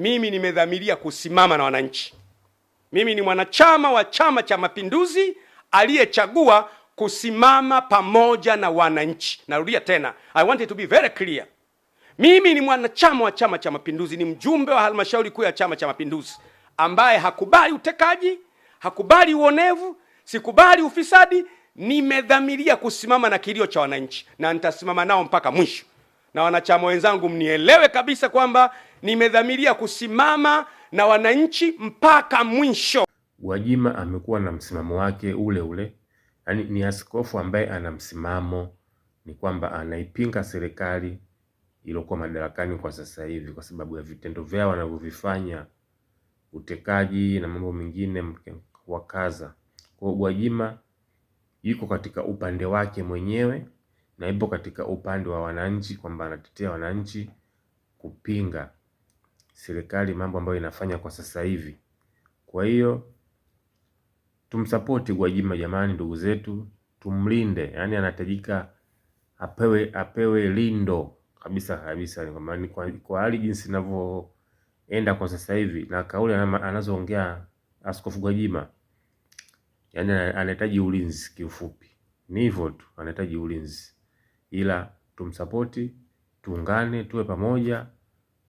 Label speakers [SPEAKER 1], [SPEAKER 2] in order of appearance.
[SPEAKER 1] mimi nimedhamiria kusimama na wananchi. Mimi ni mwanachama wa Chama cha Mapinduzi aliyechagua kusimama pamoja na wananchi. Narudia tena, I want it to be very clear. Mimi ni mwanachama wa Chama cha Mapinduzi, ni mjumbe wa halmashauri kuu ya Chama cha Mapinduzi ambaye hakubali utekaji, hakubali uonevu, sikubali ufisadi. Nimedhamiria kusimama na kilio cha wananchi na nitasimama nao mpaka mwisho na wanachama wenzangu, mnielewe kabisa kwamba nimedhamiria kusimama na wananchi mpaka mwisho.
[SPEAKER 2] Gwajima amekuwa na msimamo wake ule ule, yaani ni askofu ambaye ana msimamo, ni kwamba anaipinga serikali iliyokuwa madarakani kwa sasa hivi kwa sababu ya vitendo vyao wanavyovifanya, utekaji na mambo mengine wakaza. Kwa hiyo Gwajima yuko katika upande wake mwenyewe na ipo katika upande wa wananchi kwamba anatetea wananchi kupinga serikali mambo ambayo inafanya kwa sasa hivi. Kwa hiyo tumsapoti Gwajima jamani, ndugu zetu, tumlinde, yaani anahitajika apewe apewe lindo kabisa kabisa, kwa, kwa hali jinsi inavyoenda kwa sasa hivi na kauli anazoongea Askofu Gwajima, yaani anahitaji ulinzi. Kiufupi ni hivyo tu, anahitaji ulinzi ila tumsapoti, tuungane, tuwe pamoja.